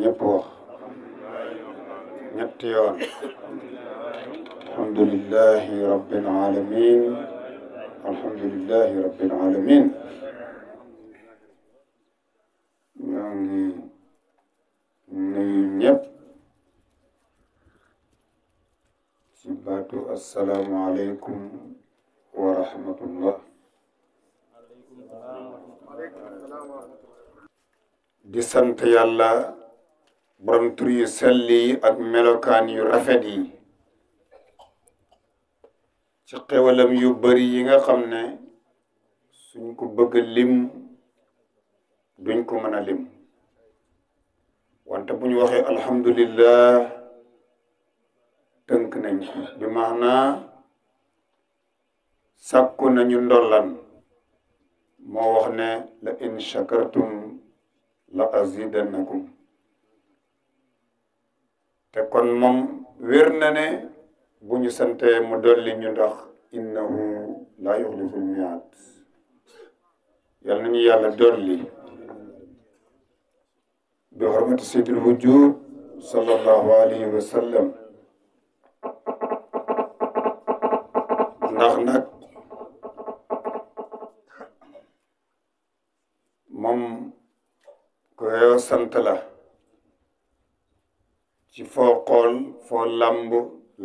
ñepp wax الحمد لله رب العالمين الحمد لله رب العالمين يعني نيب سباتو السلام عليكم ورحمة الله عليكم السلام ورحمة الله دي سنت يالله borom tur yu sell ak melokaan yu rafet yi ci xewalam yu bari yi nga xam ne suñ ko bëgg lim duñ ko mën a lim wante bu ñu waxee alhamdulillah tënk nañ ko bi maanaa sàkku nañu ndollan moo wax ne la in shakartum la azidannakum te kon moom wér na ne bu ñu sante mu dolli ñu ndax innahu laa yuxliful miaad yal nañu yàlla dolli bi xormati sayyidil wujuud sallallahu alayhi wa ndax nag moom ko sant la ci foo xool foo làmb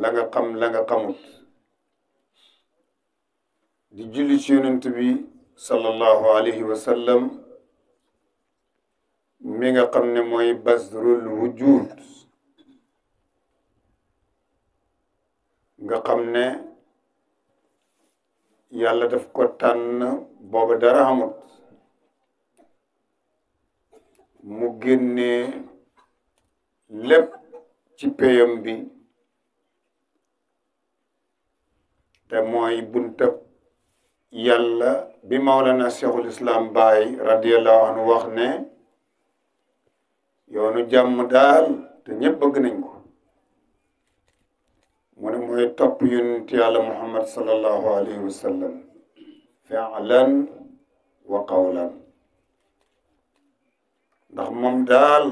la nga xam la nga xamut di julli ci yonent bi sallallahu alayhi wa mi nga xam ne mooy basrul wujud nga xam ne yàlla def ko tànn booba dara amut mu génnee lépp ci peyam bi te mooy buntab yàlla bi Mawlana Cheikhul Islam Baay radiyallahu anhu wax ne yoonu jàmm daal te ñëpp bëgg nañ ko mu ne mooy topp yonent yàlla Muhammad sallallahu alayhi wa sallam wa qawlan ndax moom daal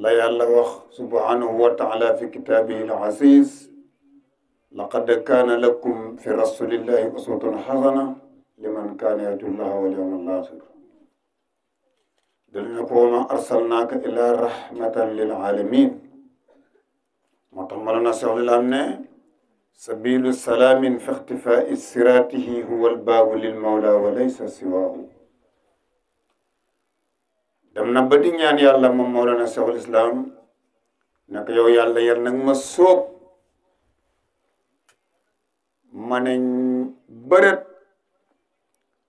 لا يالله وخ سبحانه وتعالى في كتابه العزيز لقد كان لكم في رسول الله أسوة حسنة لمن كان يدو الله واليوم الآخر دلنكونا أرسلناك إلى رحمة للعالمين مطمئننا سعود الأمن سبيل السلام في اختفاء السراته هو الباب للمولى وليس سواه dem na ba di ñaan yàlla moom Mawlana Cheikhul Islam nag yow yàlla yar nag ma sóob ma ne bërët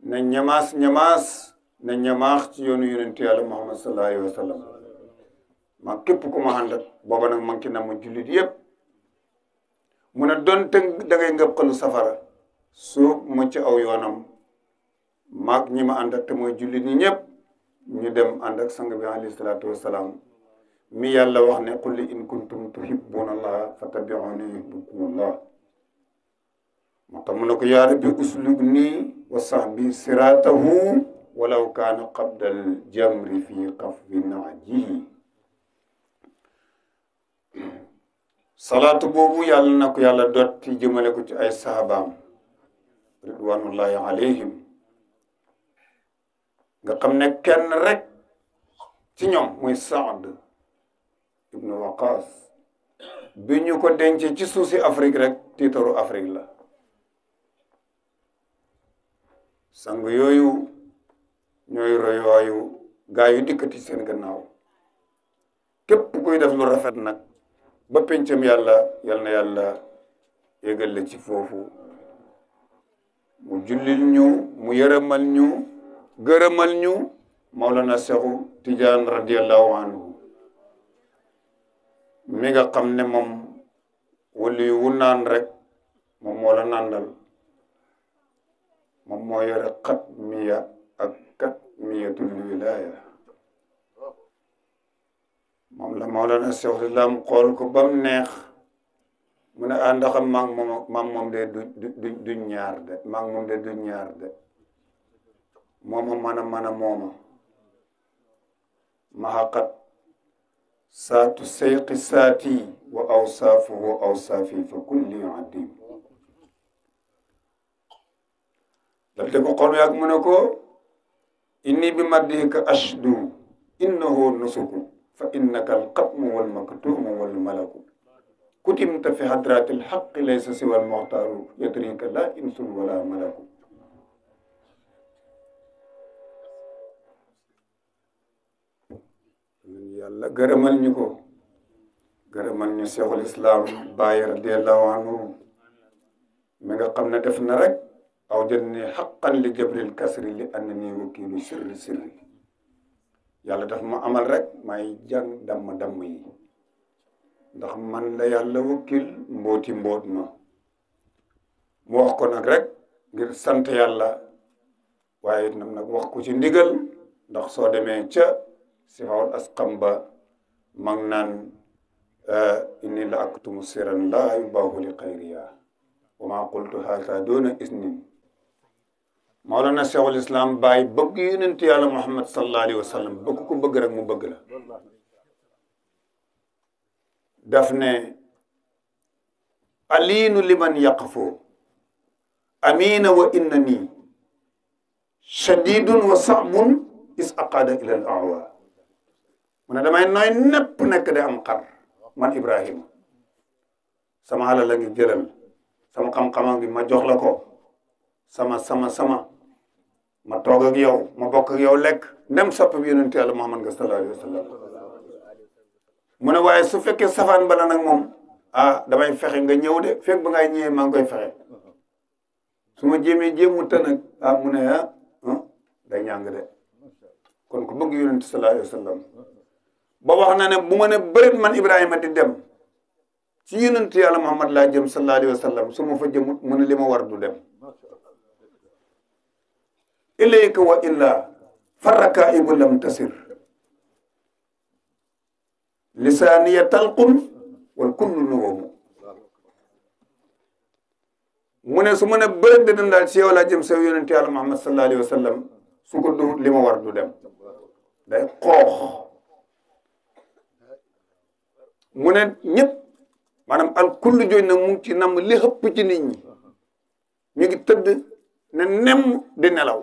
na ñamaas ñamaas na ñamaax ci yoonu yonente yàlla Muhammad sallallahu alayhi wa ma képp ku ma ànd ak booba nag ci na mu jullit yëpp mu ne doon tënk da ngay safara sóob ma ci aw yoonam maag ñi ma ànd ak te mooy jullit ñi ñu dem ànd ak sang bi alayhi salaatu wasalaam mi yàlla wax ne qul in kuntum tuhibbuna allaha fattabi'uni yuhibbukum allah moo tax mu ne ko yaa rabbi uslug nii wa sahbi siratahu walaw kaana qabdal jamri fii qafwi naajihi salaatu boobu yàlla na ko yàlla dotti jëmale ko ci ay saabaam nga xam ne kenn rek ci ñoom muy Saad ibnu Waqaas bi ñu ko dencee ci suuf si Afrique rek tiitaru Afrique la sang yooyu ñooy royooyu gaa yu dikkati seen gannaaw képp kuy def lu rafet nag ba pencam yàlla yal na yàlla yégal la ci foofu mu jullil ñu mu yërëmal ñu gërëmal ñu Mawlana Seexu Tijaan radiyallahu anhu mi nga xam ne moom wali wu naan rek moom moo la moom moo yore xat miya ak kat miyatul wilaaya moom la Mawlana Seexul Islaam xool ko bam neex mu ne àndaxam ah, maag moom maag moom de du du ñaar de maag moom de duñ ñaar de موما mana mana mooma mahaqat سات السيق ساتي وأوصافه أوصافي فكل يعديم لبدك قرم ياك إني بمدهك أشدو إنه النسك فإنك القطم والمكتوم والملك كتمت في حضرات الحق ليس سوى المعتار يدريك لا إنس ولا ملك yàlla gërëmal ñu ko gërëmal ñu cheikhul islam Baay radiyallahu anhu mi nga xam ne def na rek aw jën ni xaqan li jabril kasri li ànd ni wakiilu sirri sirri yàlla daf ma amal rek may jàng damm damm yi ndax man la yàlla wakkil mbooti mboot mu wax ko nag rek ngir sant yàlla waaye nam nag wax ko ci ndigal ndax soo demee سيحول أسقمبا مغنان آه إني لأكتم سيرا لا يباه لقيريا وما قلت هذا دون إذن مولانا شيخ الإسلام باي بقي ننتي على محمد صلى الله عليه وسلم بقوك بقرك مبقلا دفني ألين لمن يقفو أمين وإنني شديد وصعب إذ أقاد إلى الأعوام Nada main noy nooy népp nekk am xar man Ibrahim. sama alal la ngi jëlal sama xam xam ngi ma jox la ko sama sama sama ma toog ak yow ma bok ak yow lek dem sopp bi yonente Muhammad sallallahu alaihi wasallam mune su fekke safan bala nak mom, ah damay fexé nga ñew de fek ba ngay ñewé ma ngoy fexé suma su jëmu ta nak ah mune ha ah, ah, ñang kon ku bëgg yonente sallallahu alaihi wasallam ba wax na ne bu ma ne bërit man Ibrahima di dem ci yonent yàlla Muhammad laa jëm sallallahu alayhi su ma fa jëmut mu ne li ma war du dem ilayka wa illa faraka ibu lam tasir lisaaniya talqun wal kullu nuwamu mu ne su ma ne bërit di dem daal ci laa jëm sa yonent yàlla Muhammad sallallahu alayhi wa su ko li ma war dem day xoox mu ne ñëpp maanaam al kullu jooju nag mu ngi ci nam li xëpp ci nit ñi ñu ngi tëdd ne nemm di nelaw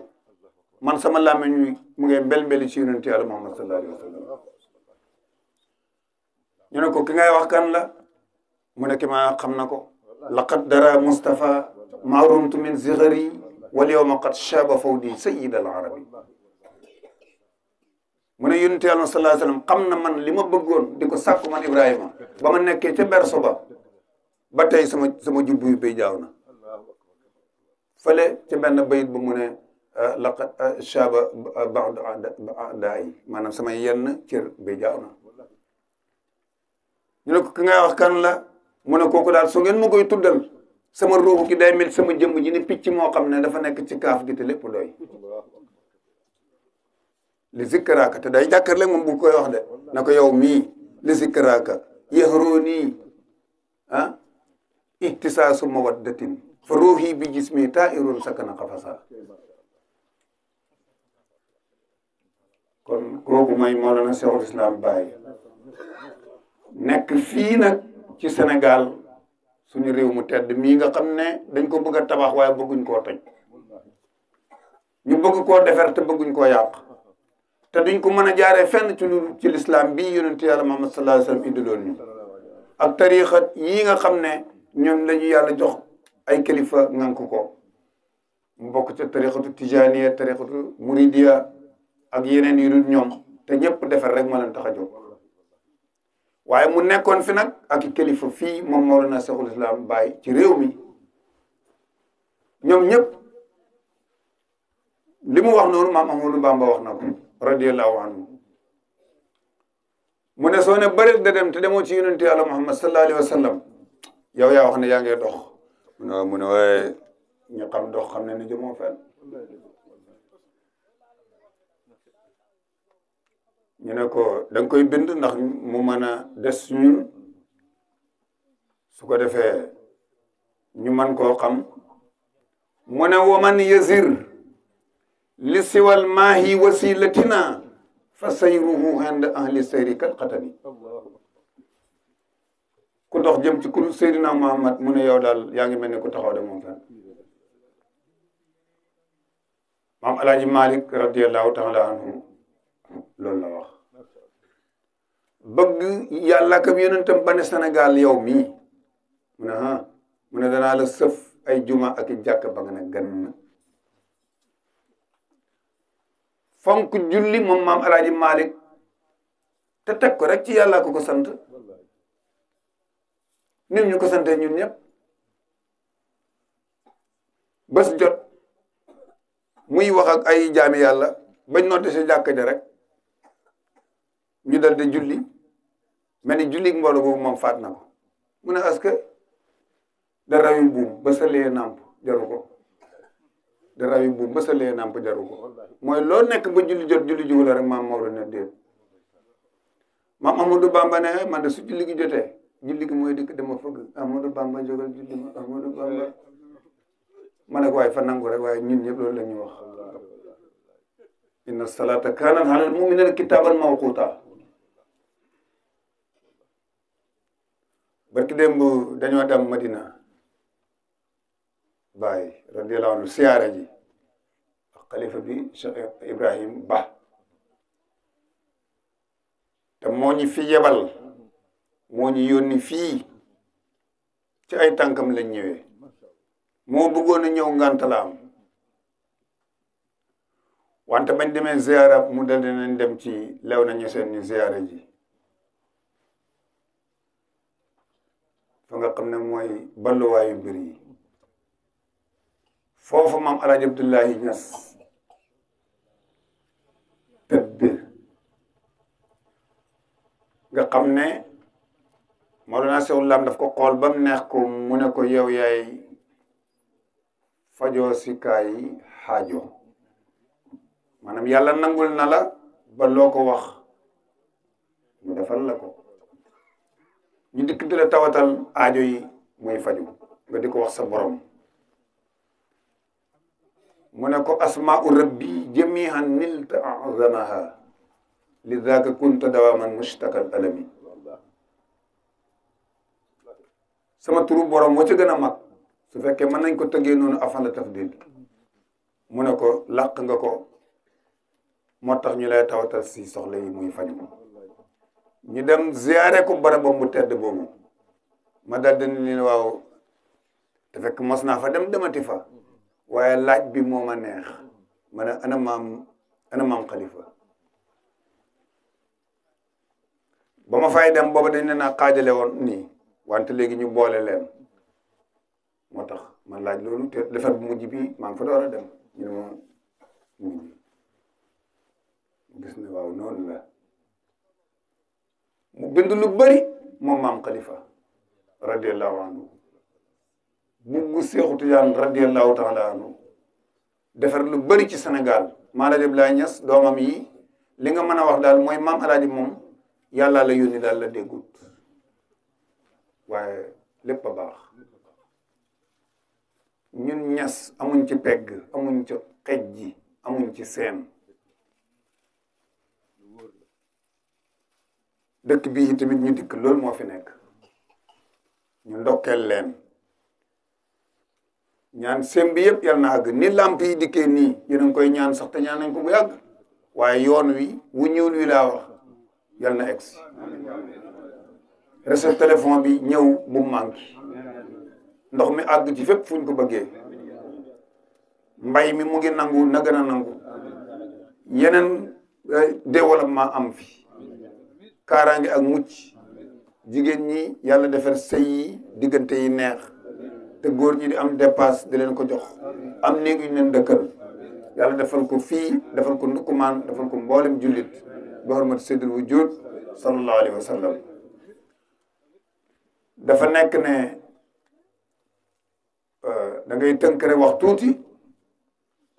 man sama làmmiñ wi mu ngay mbel mbeli ci yonent Yàlla Muhammad sallallahu alayhi wa sallam ne ko ki ngay wax kan la mu ne ki ma xam na ko laqad dara Mustafa maarumtu min zigari wal yawma qad shaba fawdi sayyid al arabi mune Yunus yalla sallallahu alaihi wasallam sallam man lima diko di man Ibrahima bama nekké ci ber soba ba tay sama sama jubbu yu bay jawna na ci ben bayit bu mune ah, laqad ah, shaba ah, ba'd a'daa'i manam sama yenn bay jawna ñu ko ki wax kan la mune koku dal so ngeen mu koy tuddal sama ruubu ki day mel sama jëm ji ni picc mo xamne dafa nekk ci kaf gi te lepp doy li zikkaraaka te day le mom bu koy wax de nako yow mii li zikkaraaka yahruni ah ittisasu mawaddatin fa ruhi bi jismi ta'irun sakana qafasa kon kooku mooy Mawlana Cheikhul Islam Baye nek fi nak ci senegal suñu rew mu tedd mi nga xamne dañ ko bëgg tabax waye bëgguñ ko ñu bëgg ko te bëgguñ ko yaq te duñ ko mën a jaaree fenn ci lu ci lislaam bii yonent yàlla Muhammad sallallahu alayhi wa indiloon ñu ak tariixa yii nga xam ne ñoom la ñu yàlla jox ay kilifa ngank ko mu bokk ci tariixatu tijaaniya tariixatu muridiya ak yeneen yu dul ñoom te ñëpp defar rek moo leen tax a jóg waaye mu nekkoon fi ak kilifa fii moom Mawlana Cheikhul Islam Baye ci réew mi ñoom ñëpp limu mu wax noonu maam Ahmadou Bamba wax na ko radiyallahu anhu mu ne soo ne bëri da dem te demoo ci yonente yàlla muhammad sallallahu alayhi wa sallam yow yaa wax ne yaa ngi dox mu ne mu ne waaye ñu xam dox xam ne ne jëmoo ne ko da nga koy bind ndax mu mën a des ñun su ko defee ñu man koo xam mu ne waman yasir li siwal maahi wasilatina fa sayruhu ànd ahli sayri kal xatami ku dox jëm ci ku Seydina Muhammad mu ne daal yaa ngi mel ni ku taxaw de moom fenn maam alaaji Malik radiallahu taala anhu loolu la wax bëgg yàlla kam yonentam ba ne Sénégal yow mii mu ah, la sëf ay juma ak i jàkk ba nga fonk julli moom maam alaaji Malick te teg ko rek ci yàlla ko ko sant nim ñu ko sante ñun ñëpp bas jot muy wax ak ay jaami yàlla bañ noote si jàkk ja rek ñu dal di julli mel ni julli mbooloo boobu moom faat na ko mu ne est-ce que dara yu buum ba sa lee ko di rawi bu mbësalee nàmp jaru ko mooy lo nekk ba julli jot julli ji wala rek maam Maodo ne ma maam Amadou Bamba ne man de su julli gi jotee julli gi mooy dikk dama fëgg Amadou Bamba jógal julli ma Amadou Bamba ma ne ko waaye fa nangu rek waaye ñun ñëpp loolu la wax inna salata kanat alal mu'minina kitaban mawquta barki démb dañoo dem Madina Baye radiyallahu anhu siyaara ji xalifa bi Cheikh Ibrahim Ba te moo ñi fi yebal moo ñi yónni fii ci ay tànkam lañ ñëwee moo bëggoon a ñëw ngànt la am wante bañ demee ziyaara mu dal dem ci lew nañu seen ñu ziyaara ji fa nga xam ne mooy balluwaayu mbir yi foofu maam El Hadj Abdoulaye Niass tëdd nga xam ne Mawlana Seyxul Islam daf ko xool ba mu neex ko mu ne ko yow yaay fajoo si kaay xaajo maanaam yàlla nangul na la ba loo ko wax mu defal la ko ñu dikk di la tawatal aajo yi muy faju nga di ko wax sa borom. mu ne ko asmaau rabbi jamihan nilta azamaha lidaka kunta dawaman mustakal alami sama turu borom moo ci gën a mag su fekkee mën nañ ko tëggee noonu afan la tafdil mu ne ko làq nga ko moo tax ñu lay tawatal si soxla yi muy faju ñu dem ziyaare ko barabam bu tedd boobu ma dal di ne leen waaw te fekk mos naa fa dem demati fa waaye laaj bi moo ma neex ma ne ana maam ana maam Khalifa ba ma fay dem booba dañ ne naa xaajale woon nii wante léegi ñu boole leen moo tax man laaj loolu te defar bi maa ngi fa door a dem gis ne waaw noonu mu bind lu bari moom maam Khalifa radiallahu anhu nit mu Seexu Tijaan radiyallahu taala anhu defar lu bari ci Sénégal Maam El Hadj Abdoulaye Niass doomam yi li nga mën a wax daal mooy maam El moom yàlla la yónni daal la déggut waaye lépp a baax ñun ñas amuñ ci pegg amuñ ci xej ji amuñ ci seen dëkk bii tamit ñu dikk lool moo fi nekk ñu ndokkeel leen ñaan sem bi yëpp yal na àgg ni làmp yi nii yéen koy ñaan sax te ñaan nañ ko bu yàgg waaye yoon wi wu ñuul wi laa wax yal na egg si téléphone bi ñëw bu manqué ndox mi àgg ci fépp fu ko bëggee mbay mi mu ngi nangu na gën a nangu yeneen eh, développement am fi kaaraangi ak mucc jigéen ñi yàlla defar sëy yi diggante yi neex te góor ñi am dépasse di leen ko jox am néeg yu leen dëkkal yàlla defal ko fii defan ko ndukkumaan defal ko mboolem jullit bi hormat seydil wujud sallallahu alayhi wa dafa nekk ne euh, da ngay tënk rek wax tuuti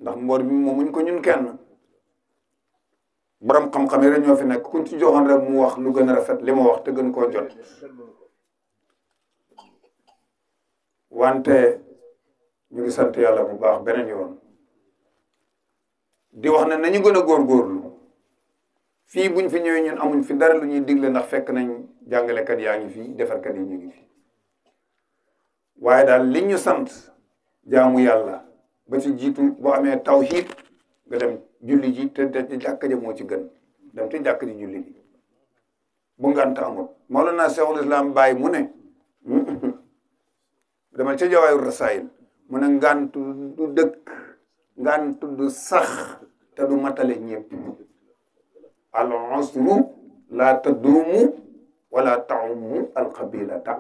ndax mboor bi moom muñ ko ñun kenn borom xam-xam yi rek ñoo fi nekk kuñ ci joxoon rek mu wax lu gën a rafet li mu wax te gën koo jot wante ñu ngi sant yàlla bu baax beneen yoon di wax ne nañu gën a góorgóorlu fii buñ fi ñëwee ñun amuñ fi dara lu ñuy digle ndax fekk nañ jàngalekat yaa ngi fi defarkat yi ñu ngi fi waaye daal li ñu sant jaamu yàlla ba ci jiitu boo amee tawhiid nga dem julli ji te te jàkka ja moo ci gën dem te jàkka ji julli ji bu ngant amul Mawlana Cheikhul Islam Baay mu demal ca jawaayu rasaayil mu ne ngàntu du dëkk ngàntu du sax te du matale ñëpp al usru la tadumu wala taumu alqabilata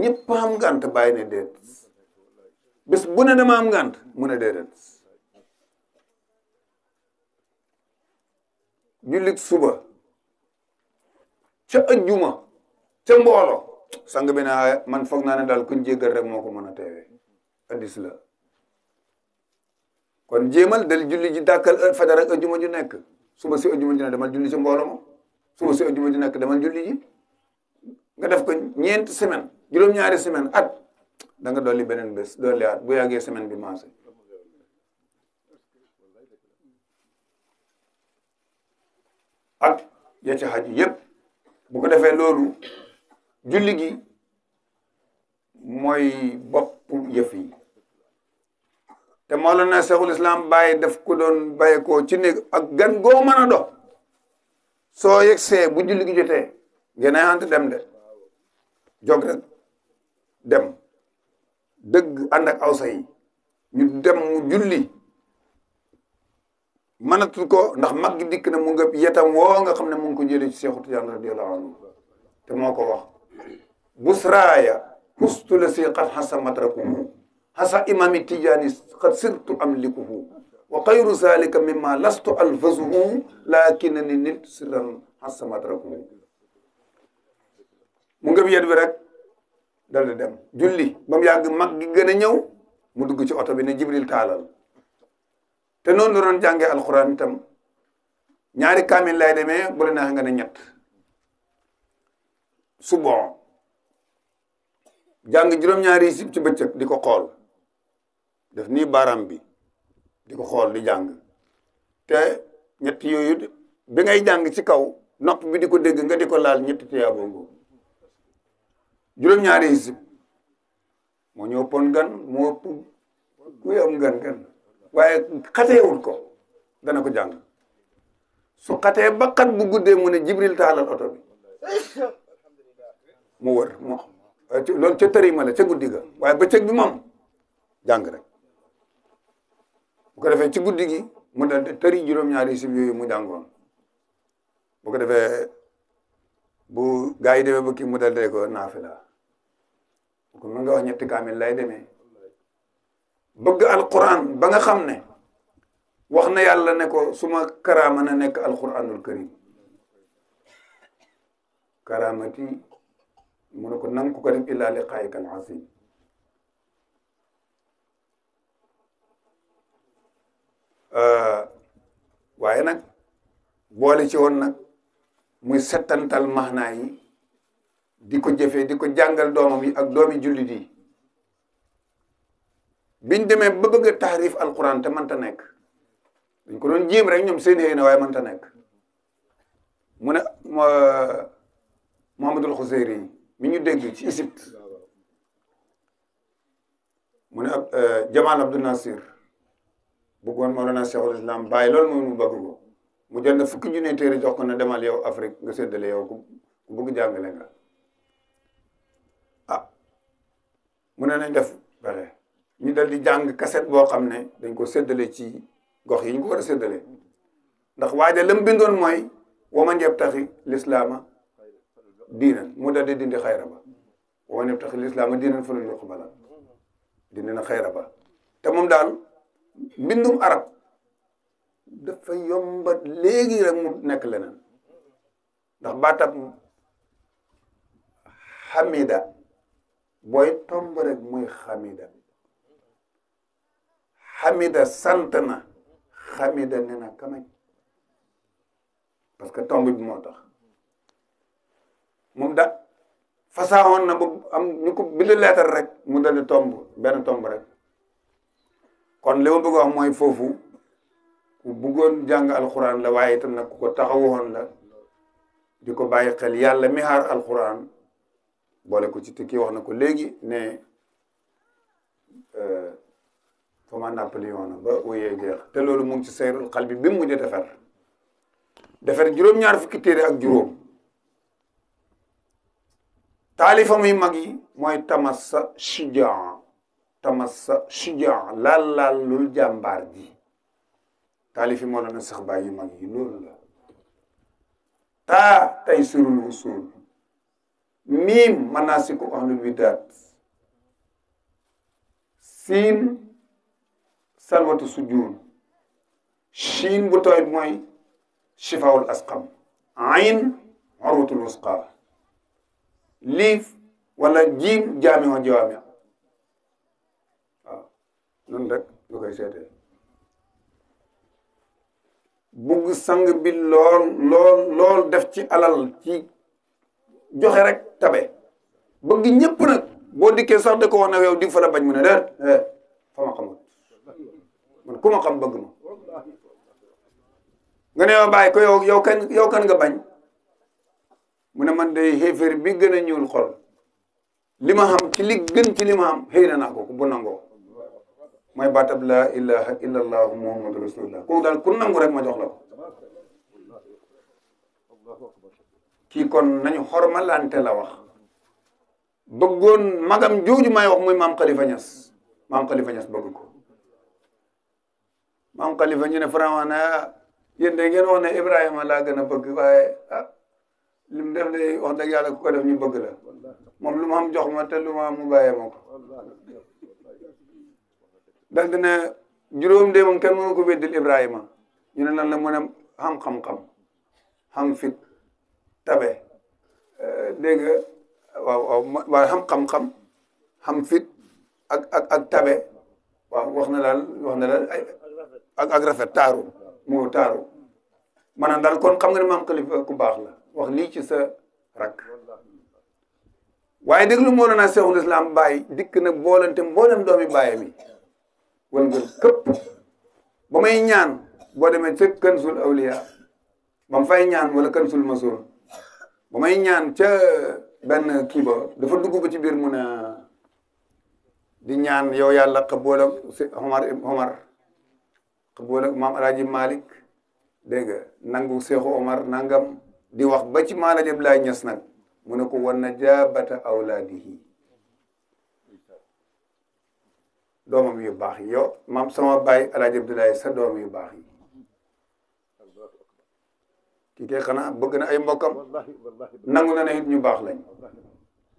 ñëpp am ngànt bàyyi ne déet bés bu ne dama am ngànt mu ne déedéet jullit suba ca ajjuma ca mbooloo sang bi na man dal na na dal kuñ jéggal rek moko mëna téwé a la kon jémal dal julli ji dàkkal fajar ak djuma ju nek suba si djuma ju nekk dama julli ci mbolo mo suba si djuma ju nek dama julli ji nga def ko ñent semaine djuroom ñaari semaine at da nga doli benen bes doli at bu yagge semaine bi ak ya ci haji yépp bu ko lolu julli gi mooy bopp yëf yi te Mawlana Cheikhul Islam Baye def ko doon bàyyi ko ci néeg ak gan goo mën a dox soo see bu julli gi jotee ngeen ay ànd dem de jog dem dëgg ànd ak awsa yi ñu dem mu julli mënatul ko ndax mag gi dikk na mu nga yetam woo nga xam ne mu ngi ko jëlee ci Cheikhu Tidiane radiyallahu anhu te moo ko wax busraaya hustu la si qad hasa matrakuhu hasa imami tijani qad sirtu amlikuhu wa xayru zalika mimma lastu alfazuhu lakinani nit sirran hasa matrakuhu mu ngëb yet rek julli ba mu gi gën a ñëw mu dugg ci oto bi ne jibril taalal te noonu la doon jàngee alxuraan itam ñaari kaamil lay demee bu la neexee subon jàng juróom-ñaari yi sib ci bëccëg di ko xool def nii baaraam bi di ko xool di jàng te ñett yooyu bi ngay jàng ci kaw nopp bi di ko dégg nga di ko laal ñetti tiyaaboo boobu juróom-ñaari yi sib moo ñëw gan mu ëpp kuy am gan gan waaye xateewul ko dana ko jàng su xatee ba bu guddee mu ne jibril taalal oto bi mu wër mu loolu ca tarima la ca guddi ga waaye bëccëg bi moom jàng rek bu ko defee ci guddi gi mu dal tëri juróom-ñaari sib yooyu mu jàngoon bu ko defee bu ga yi demee ba ki mu dal dee ko naafila ko mën nga wax ñetti kaamil lay demee bëgg alquran ba nga xam ne wax na yàlla ne ko suma karaama na nekk alquranul karim karaamati منك ننك قريب إلى لقائك العظيم آه وأنا بولي شون مستن تل مهناي ديكو جفي ديكو جانجل دومي أك دومي جلدي بين دمي ببغ تعريف القرآن تمن تنك يكونون جيم رين يوم سين هنا وين من تنك من محمد الخزيري mi ñu dégg ci Égypte mu ne euh, Jamal Abdou Nasir bëggoon Mawlana Cheikhul Islam bàyyi loolu mooy mu bëgg ko mu jënd fukki junne téere jox ko na demal yow Afrique nga séddale yow ku bëgg jàngale nga ah mu ne nañ def bare ñu dal di jàng kaset boo xam ne dañ ko séddale ci gox yi ñu ko war a séddale ndax waaja lam bindoon mooy waman yebtaxi lislaama diinan mu daal di dindi xayra ba wane tax lislaama diinan fa la yuqbala dindi na xayra ba te moom daal mbindum arab dafa yomba léegi rek mu nekk leneen ndax baatab xamida booy tomb rek muy xamida xamida sant na xamida ne na kamañ parce que tomb bi moom da fasaawoon na bu am ñu ko bind leetar rek mu da di tomb benn tomb rek kon li ma bëgg mooy foofu ku bëggoon jàng alxuraan la waaye itam nag ku ko taxawoon la di ko bàyyi xel yàlla mi xaar alxuraan boole ko ci te kii wax na ko léegi ne comment euh, Napoléon na ba wéyee jeex te loolu mu ngi ci seyrul xal bi bi mu mujj defar defar juróom-ñaar fukki téere ak juróom taalifam yu mag yi mooy tamassa shujaa tamassa shujaa laal laal lul jàmbaar ji taalif yi yu mag yi taa tay surul miim manasiku ahlul bidaat siin salwatu sujuun shiin bu mooy shifaawul asqam ayn urwatul wusqa liif wala jiim jaami wa jawaami noonu rek nga koy seetee bugg sang bi lool lool lool def ci alal ci joxe rek tabe bëgg ñëpp nag boo dikkee sax da ko woon yow di fa la bañ mu ne déet eh, fa ma xamul man ku ma xam bëgg ma nga ne yow bàyyi ko yow kan yow kan nga bañ mu man day xéeféer bi gën a ñuul xol li ma xam ci li gën ci li ma xam na naa ko bu nangoo mooy baatab laa ilaha illa allahu muhammadu rasulullah kooku daal ku rek ma jox la ko kon nañu xormalante la wax bëggoon magam jooju may wax muy maam Khalifa Niass maam Khalifa Niass bëgg ko maam Khalifa ñu ne na yéen de ngeen wax ne laa gën a bëgg waaye ah, li mu def wax dëgg yàlla ku ko def ñu bëgg la moom lu ma am jox ma te lu ma mu bàyyee ma ko dal dina juróom de moom kenn mënu ko weddil Ibrahima ñu ne lan la mu ne xam xam-xam fit tabe euh, dégg nga waaw waaw waaw xam xam-xam xam fit ak ak tabe waaw wax na daal wax na daal ak rafet taaru moo taaru maanaam daal kon xam nga ne maam xalifa baax la wax lii ci sa rakk waaye déglu Mawlana Cheikhul Islam Baye dikk na boolante mboolem doomi Baye mi wan nga këpp ba may ñaan boo demee ca Kansul Awliya ba mu fay ñaan wala Kansul Masoor ba may ñaan ca benn kii ba dafa dugg ba ci biir mun di ñaan yow yàlla xabool ak Omar Omar xabool ak maam El Hadj Malick nangu Seexu Omar nangam. di wax ba ci maala jëm lay ñas nag mu ne ko wan na jaabata awlaadihi doomam yu baax yi yow maam sama bàyyi alaaji abdoulaye sa doom yu baax yi kii kay xanaa bëgg na ay mbokkam nangu na ne it ñu baax lañ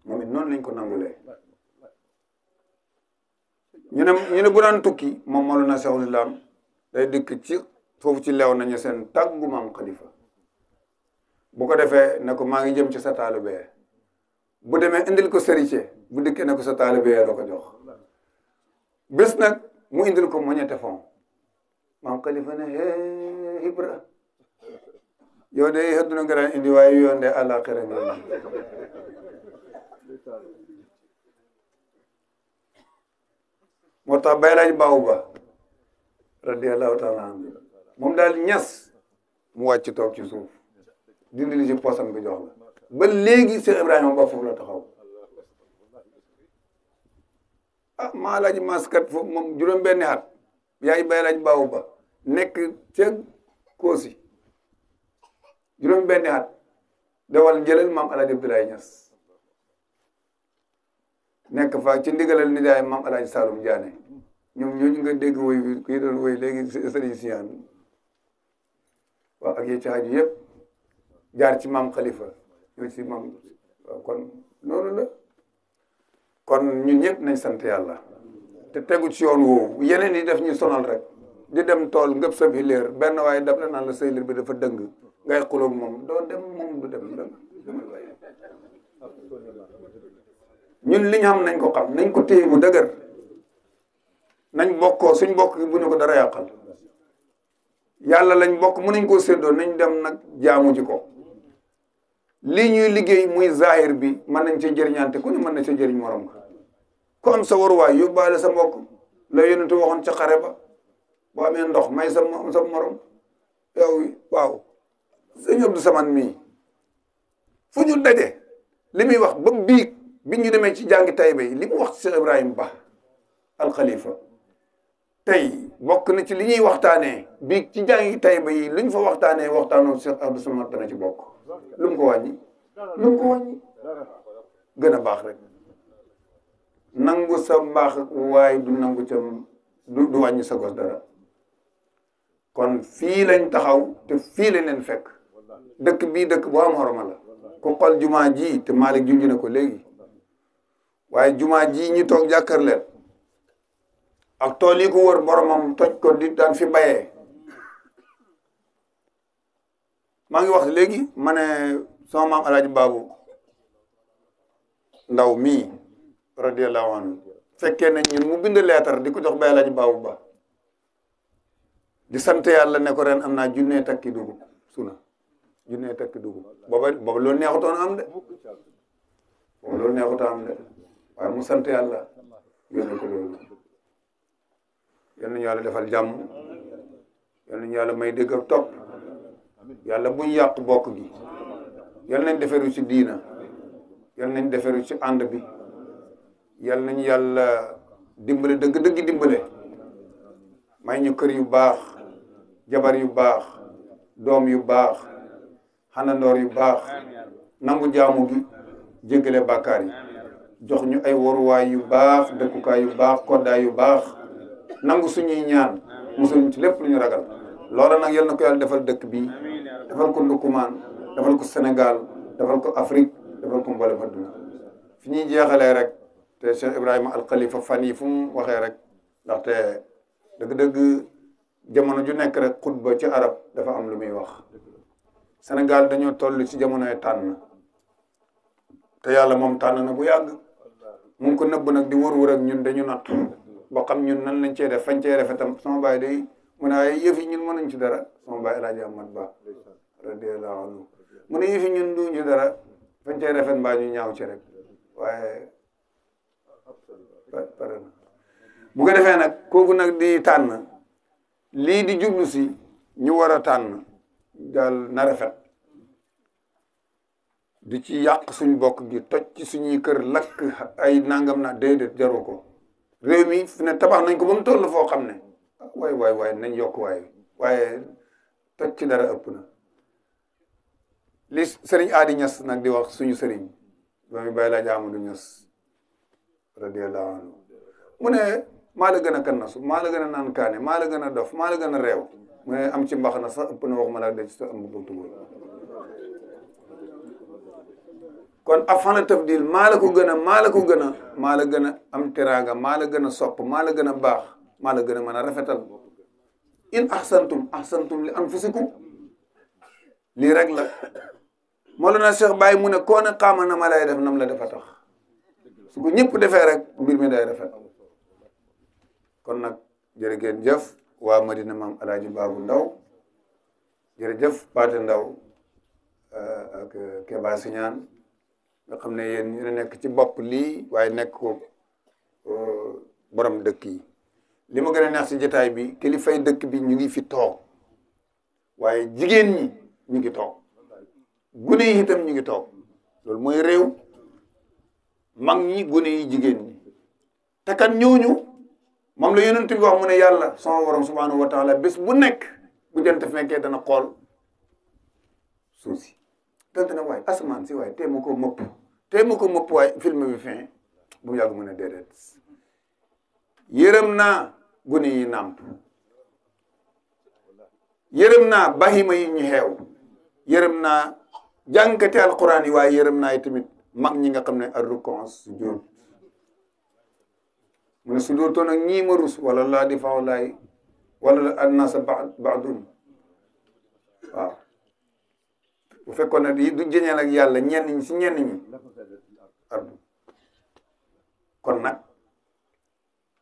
momit it noonu lañ ko nangulee ñu ne ñu ne bu daan tukki moom na sexul islam day dikk ci foofu ci leew nañu seen tàggu xalifa bu ko defee ne ko maa ngi jëm ci sa taalibee bu demee indil ko sërice bu dikkee ne ko sa taalibee la ko jox bés nag mu indil ko moñete fon maam Khalifa ne hee Ibra yow de adduna nga daan indi waaye yoon de àllaaxira moo tax bay laaj ba radiallahu taala anhu daal ñas mu wàcc toog ci suuf dindi li ci poosam bi jox la ba léegi Cheikh Ibrahima Ba foofu la taxaw ah maa laaj maskat foofu moom juróom-benni at yaay bay laaj baawu ba nekk ca Koosi juróom-benni at dawal jëlal maam El Hadj Abdoulaye nekk fa ci ndigalal ni daay maam El Hadj Saloum Diané ñoom ñooñu nga dégg woy bi kii doon woy léegi sëriñ Siyaan waaw ak yi ci aju jaar ci maam kalifa ñëw ci maam kon loolu la kon ñun ñëpp nañ sant yàlla te tegu ci yoon woowu yeneen yi def ñu sonal rek di dem tool ngëp sa hiléer benn waaye daf la naan la sëy liir bi dafa dëng ngay xuloog moom doo dem moom du dem dëng ñun li ñu xam nañ ko xam nañ ko téye bu dëgër nañ bokkoo suñ bokk gi bu ko dara yàqal yàlla lañ bokk nañ koo séddoo nañ dem nag jaamu ji ko lii ñuy liggéey muy zahir bi mën nañ ci jëriñante ku ne mën na ci jëriñ morom nga am sa waruwaay yóbbaale sa mbokk la yonentu waxoon ca xare ba boo amee ndox may sa sa morom yow waaw sëñ Abdou Samane mii fu ñu daje li muy wax ba biig bi ñu demee ci jàngi Taïba yi li mu wax Cheikh Ibrahim Ba alxalifa tey bokk na ci li ñuy waxtaanee biig ci jàngi Taïba yi lu ñu fa waxtaanee waxtaanoo Cheikh Abdou Samane dana ci bokk lu ko wàññi lu ko wàññi gën a baax rek nangu sa mbaax waaye du nangu ca du du sa gos dara kon fii lañ taxaw te fii lañ leen fekk dëkk bii dëkk bu am xorma la ku xool jumaa ji te Malick junj ko léegi waaye jumaa ji ñi toog jàkkaar leen ak tool yi ko wër boromam toj ko di daan fi bayee maa ngi wax léegi ma ne sama maam alaaji baabu ndaw mii radiallahu anhu fekkee na ñun mu bind leetar di ko jox bay alaaji baabu ba di sant yàlla ne ren am naa junnee takki dugub suna junnee takki dugub booba booba loolu neexutoon am de booba loolu neexutoon am de waaye mu sant yàlla yónne ko loolu yàlla defal jàmm yal nañu yàlla may dégg ak yàlla buñ yàq bokk gi yal nañ deferu ci diina yal nañ deferu ci ànd bi yal nañ yàlla dimbale dëgg-dëgg dimbale may ñu kër yu baax jabar yu baax doom yu baax xanandoor yu baax nangu jaamu gi jéggale bàkkaar yi jox ñu ay waruwaay yu baax dëkkukaay yu baax koddaay yu baax nangu suñuy ñaan musul ci lépp lu ñu ragal loola nag yal na ko yàlla defal dëkk bi defal ko Lukumaan defal ko Sénégal defal ko Afrique defal ko mboolem adduna fi ñuy jeexalee rek te Cheikh Ibrahima Al fan yi fu mu waxee rek ndaxte dëgg-dëgg jamono ju nekk rek xutba ci arab dafa am lu muy wax Sénégal dañoo toll ci jamonoy tànn te yàlla moom tànn na bu yàgg mun ngi ko nëbb nag di wër-wër ak ñun dañu natt ba xam ñun nan lañ cee def fañ cee rafetam sama baay day mu ne waaye yëf yi ñun mënuñ ci dara sama baay El Hadj Amat Ba radiyallahu anhu mu ne yëf yi ñun duñ ci dara fañ cay rafet mbaa ñu ñaaw ci rek waaye pare ko defee nag kooku nag di tànn lii di jublu si ñu war a tànn daal na rafet di ci yàq suñ bokk gi toj ci suñuy kër lakk ay nangam na déedéet jaru ko réew mi fi ne tabax nañ ko ba mu toll foo xam ne ak waay waay waay nañ yokk waay waaye toj ci dara ëpp na li sëriñ Aadi nag di wax suñu sëriñ doomi Baay Laaji Amadu Ñas radiyallahu anhu mu ne maa la gën a kannasu maa la gën a naan maa la gën a dof maa la gën a réew mu am ci mbax na sax ëpp na wax ma laa de ci sa am bu tubur kon afana tafdil maa la ko gën a maa la ko gën a maa gën a am teraga maa la gën a sopp maa la gën a baax maa la gën a mën a rafetal in ahsantum ahsantum li am anfusikum lii rek la Mawlana Cheikh Baye mu ne koo ne xaama na ma lay def nam la dafa tax su ko ñëpp defee rek mbir mi day rafet kon nag jërëgeen jëf waa Madina maam Alaaji Baabu Ndaw jërëjëf Paate Ndaw euh, ak si Siñaan nga xam ne yéen nekk ci bopp lii waaye nekk ko euh, borom dëkk yi li ma gën a neex si jotaay bi kilifay dëkk bi ñu ngi fi toog waaye jigéen ñi ñu ngi toog gune yi itam ñu ngi toog loolu mooy réew mag ñi gune yi jigéen ñi te kat ñooñu moom la yonent bi wax mu ne yàlla sama borom subhanahu wa taala bés bu nekk bu jant fenkee dana xool suuf si dante na waaye asamaan si waaye tee ko mëpp tee ko mëpp waaye film bi fin bu mu yàgg mu ne déedéet yërëm naa guni yi namp yërëm naa bahima yi ñu xew yërëm naa jànkati alquran yi waaye yërëm naa yi tamit mag ñi nga xam ne ar rukons sujud mu ne su dootoon ak ñii ma rus wala laa di faaw laay wala la annaasa baadun waaw bu fekkoon ne du jëñeel ak yàlla ñenn ñi si ñenn ñi kon nag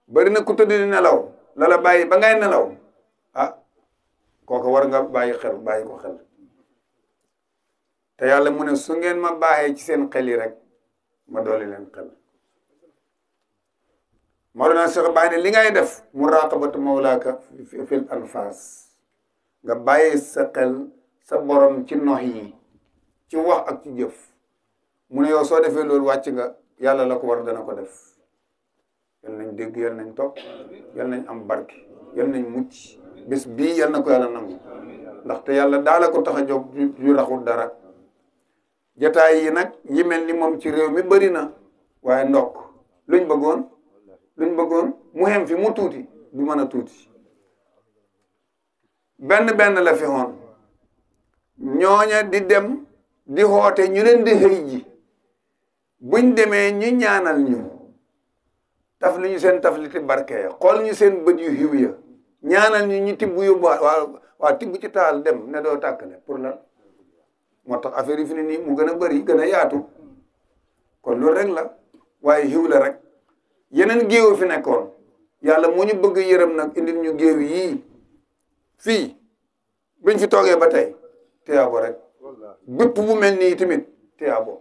bari na ku tëdd di nelaw lala bàyyi ba ngay nelaw ah kooku war nga bàyyi xel bàyyi ko xel te yàlla mu ne su ngeen ma baaxee ci seen xel yi rek ma dooli leen xel Mawlana Cheikh Baay ne li ngay def muraqabatu mawlaaka fil anfaas nga bàyyi sa xel sa borom ci nox yi ci wax ak ci jëf mu ne yow soo defee loolu wàcc nga yàlla la ko war dana ko def yal nañ dégg yal nañ topp yal nañ am barke yal nañ mucc bés bii yal na ko yàlla nangu ndaxte yàlla daala ko tax a jóg yu raxul dara jataay yi nag yi mel ni moom ci réew mi bëri na waaye ndokk luñ bëggoon luñ bëggoon mu xem fi mu tuuti du mën a tuuti benn benn la fi xoon ñooña di dem di xoote ñu leen di xëy buñ demee ñu ñaanal ñu taf li ñu seen tafliti barke ya xool ñu seen bët yu xiw ya ñaanal ñu ñu tibb yóbbuwaat waa waa tibb ci taal dem ne doo tàkk ne pour lan moo tax affaire yi fi ne nii mu gën a bëri gën a yaatu kon loolu rek la waaye xiw la rek yeneen géew fi nekkoon yàlla moo ñu bëgg yërëm nag indi ñu géew yi fii biñ fi toogee ba tey tiyaabo rek bépp bu mel nii tamit tiyaabo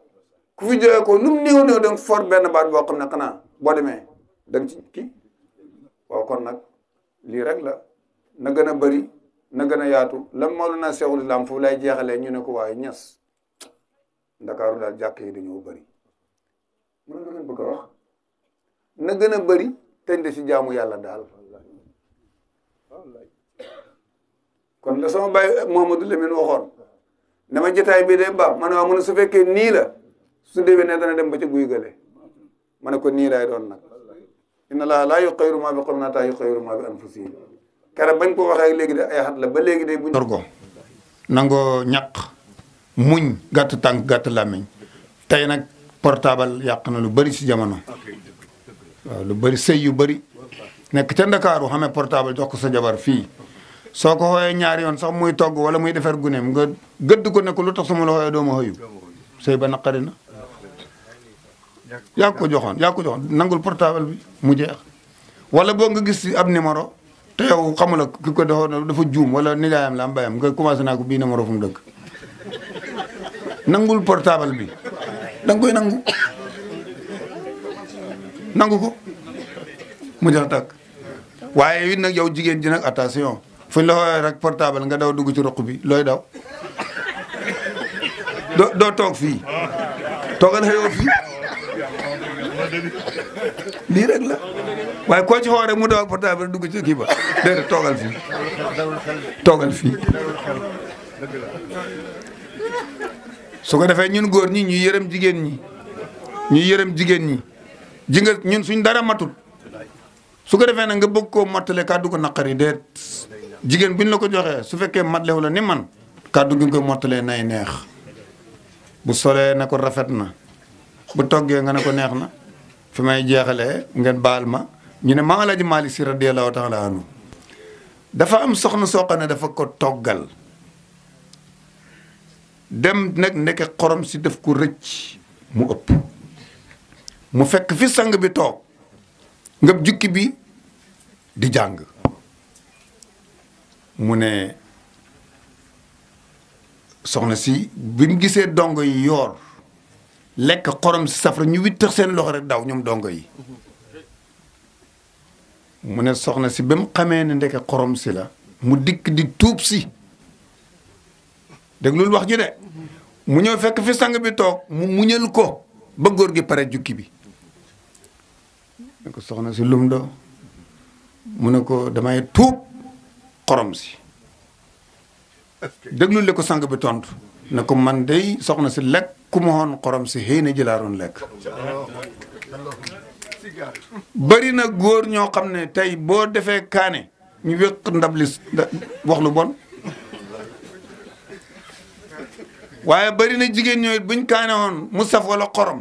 ku fi jógee ko nu mu néew néew for benn baat boo xam ne xanaa boo da ci kii waaw kon nag lii rek la na gën a bëri na gën a yaatu lam Mawlana Cheikhul Islam foofu lay jeexalee ñu ne ko waaye ñes ndakaaru daal jàkk yi dañoo bëri mën na leen bëgg a gën a bëri teñ de si jaamu yàlla daal kon la sama baay Mouhamadou Lamine waxoon ne ma jotaay bi de ba ma ne waa mu ne su fekkee nii la su déwénee dana dem ba ca guy gële ma ne ko nii laay doon nag inna laa laa yughayyiru maa bi qawmin hattaa yughayyiru maa bi anfusihim keroog bañ ko waxee léegi de la ba léegi de buñ. torgo nangoo ñaq muñ gàtt tànk gatt làmmiñ tey nag portable yàq na lu bari si jamono waaw lu bari sëy yu bari nekk ca Ndakaaru xamee portable jox ko sa jabar fii. soo ko xooyee ñaari yoon sax muy togg wala muy defar gunéem nga gëdd ko ne lu tax sama la xooyee doo ma xëyu sëy ba naqari na Ya ko joxoon yaa ko joxoon nangul portable bi mu jeex wala bo nga gis ab numéro te yow xamula ki ko defoon dafa joom wala nijaayam la am bayam nga commencé na ko bi numéro fu mu nangul portable bi tak. koy nangu nangu ko mu jeex tak waye it nak yow jigen ji nak attention fu la hoye rek portable nga daw ci roq bi loy daw do tok fi, toogal hayo fi li rek la waaye koo ci xoo mu daw portable rek ci kii ba déedéet toogal fii toogal fii su ko defee ñun góor ñi ñu yërëm jigéen ñi ñu yërëm jigéen ñi ji ñun suñ dara matul su ko defee nga bëgg koo ko buñ la ko su ni man ko nay neex bu solee na ko bu toggee nga ne ko fi may jeexalee ngeen baal ma ñu ne maam Alaaji Maalik Si radiyallaahu taala anhu dafa am soxna soo xam ne dafa ko toggal dem nag nekk xorom si def ko rëcc mu ëpp mu fekk fi sang bi toog ngëb jukki bi di jàng mu ne soxna si bi mu gisee dongo yi yoor lekk xorom si safra ñu wittax seen loxo rek daw ñoom dongo yi mu ne soxna si ba mu ne ndeke xorom si la mu dikk di tuub si déglul wax ji de mu ñëw fekk fi sang bi toog mu muñal ko ba góor gi pare jukki bi ne ko soxna si lum do mu ne ko damay tuub xorom si déglul le ko sang bi tontu ne ko man dey soxna si lekk ku ma xoon si xëy na jëlaaroon lekk bari na góor ñoo xam ne tey boo defee kaane ñu wéq ndab li wax lu bon waaye bari na jigéen ñooy buñ kaane woon mu saf wala xorom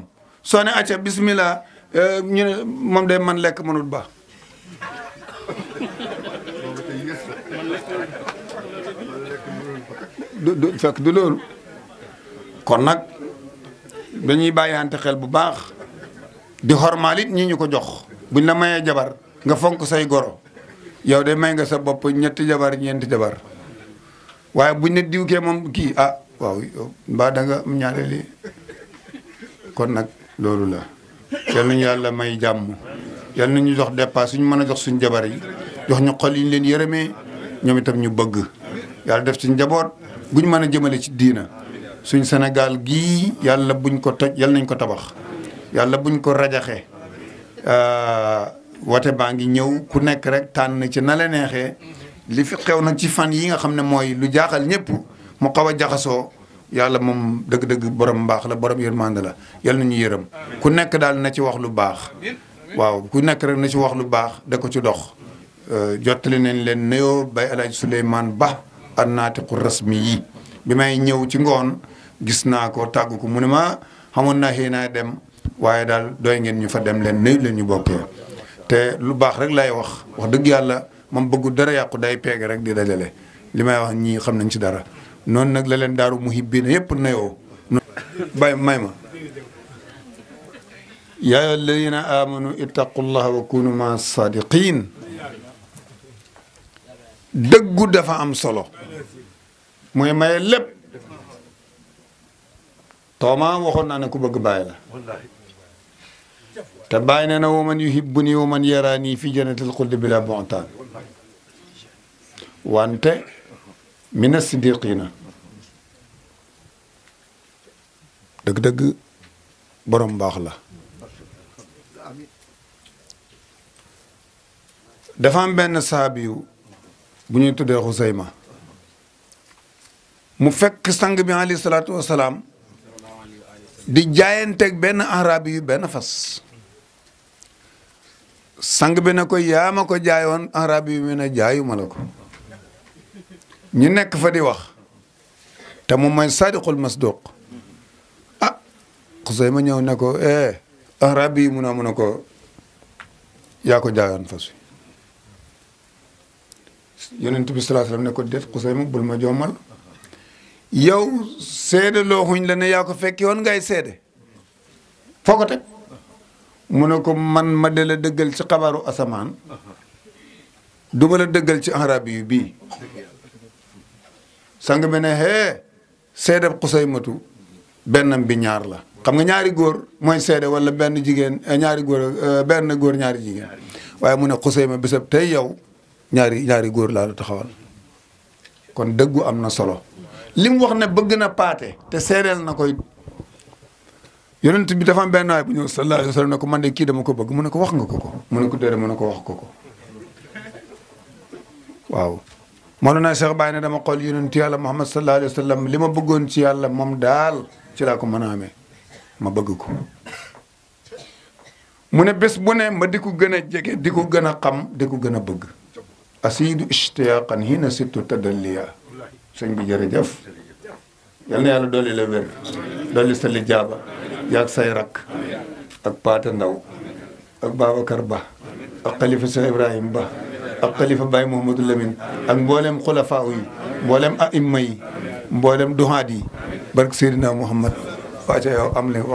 soone ne acca bismillah euh, ñu ne moom day man lekk mënut ba du fekk du loolu kon nag dañuy bàyyante xel bu baax di xormaal it ñi ñu ko jox buñ la mayee jabar nga fonk say goro yow de may nga sa bopp ñetti jabar ñeenti jabar waaye buñ ne diw kee moom kii ah waaw mbaa da nga ñaareel kon nag loolu la yal nañu yàlla may jàmm yal nañu jox dépasse suñu mën a jox suñu jabar yi jox ñu xol yi ñu leen yërëmee ñoom itam ñu bëgg yàlla def si njaboot ñu mën a jëmale ci diina suñ Sénégal gii yàlla buñ ko toj yàlla nañ ko tabax yàlla buñ ko rajaxe euh, wate baa ngi ñëw ku nekk rek tànn ci na neexee li fi xew nag ci fan yi nga xam ne mooy lu jaaxal ñëpp mu xaw a jaxasoo yàlla moom dëgg-dëgg borom mbaax la borom yërmande la yàlla nañu yërëm ku nekk daal na ci wax lu baax waaw ku nekk rek na ci wax lu baax da ko ci dox euh, jottali nañ leen nuyoo bay El Hadj Souleymane Ba annaatiqu rasmi yi bi may ñëw ci ngoon gis naa ko tàggu ko mu ne ma xamoon naa xëy naa dem waaye daal dooy ngeen ñu fa dem leen nuyu leen ñu bokkee te lu baax rek lay wax wax dëgg yàlla moom bëggu dara yàqu day peeg rek di dajale li may wax ñii xam nañ ci dara noonu nag la leen daaru muhibbiina yëpp nayoo bay may ma yaa ayyuha alladina amanu ittaqullaha wa kunu ma sadiqin dëggu dafa am solo mooy maye lépp تمام وخونا نكو بغ باي لا والله تباين انا ومن يحبني ومن يراني في جنه الخلد بلا بعتان وانت من الصديقين دك دك بروم باخ لا دفام بن صحابي بو ني تودي خزيمه مو فك سانغ بي عليه الصلاه والسلام di jaayanteeg benn arabi yu benn fas sang bi ko yaa ma ko jaayoon arabi yu mu ne jaayuma la ko ñu nekk fa di wax te moom mooy sadiqul masduq ah ma ñëw ne ko eh arabi yi mun a mun a ko yaa ko jaayoon fas wi yonent bi sallallahu alayhi wasallam ne ko déet Xusayma bul ma jommal yow seede looxuñ la ne yaa ko fekki woon ngay seede foo ko teg mu ne ko man ma de la dëggal ci xabaaru asamaan duma la dëggal ci arabi yu bii sang bi ne hee seedab xusaymatu bennam bi ñaar la xam nga ñaari góor mooy seede wala benn jigéen eh, ñaari góor eh, benn góor ñaari jigéen waaye mu ne xusayma bisab tey yow ñaari ñaari góor laa la taxawal kon dëggu am na solo li mu wax ne bëgg na paate te seereel na koy yonent bi dafa am benn waay bu na sallallahu alayhi wa sallam ne ko kii dama ko bëgg mu ne ko wax nga ko ko mu ne ko déedéet mu ne ko wax ko ko waaw Mawlana Cheikh Baye ne dama xool yonent yàlla Muhammad sallallahu alayhi wa li ma bëggoon ci yàlla moom daal ci laa ko mën a amee ma bëgg ko mu ne bés bu ne ma di ko gën a di ko gën a xam di ko gën a bëgg asiidu ishtiyaqan hina sittu tadalliya sëñ bi jërëjëf yal na yàlla dolli la wér dolli sa lijaaba yaag say rakk ak paata ndaw ak Babacar Ba ak xalifa Cheikh Ibrahim Ba ak xalifa Baye Mouhamadou Lamine ak mboolem xulafaa mboolem aimma yi mboolem duhaat yi barke Seydina Mouhamad waa am le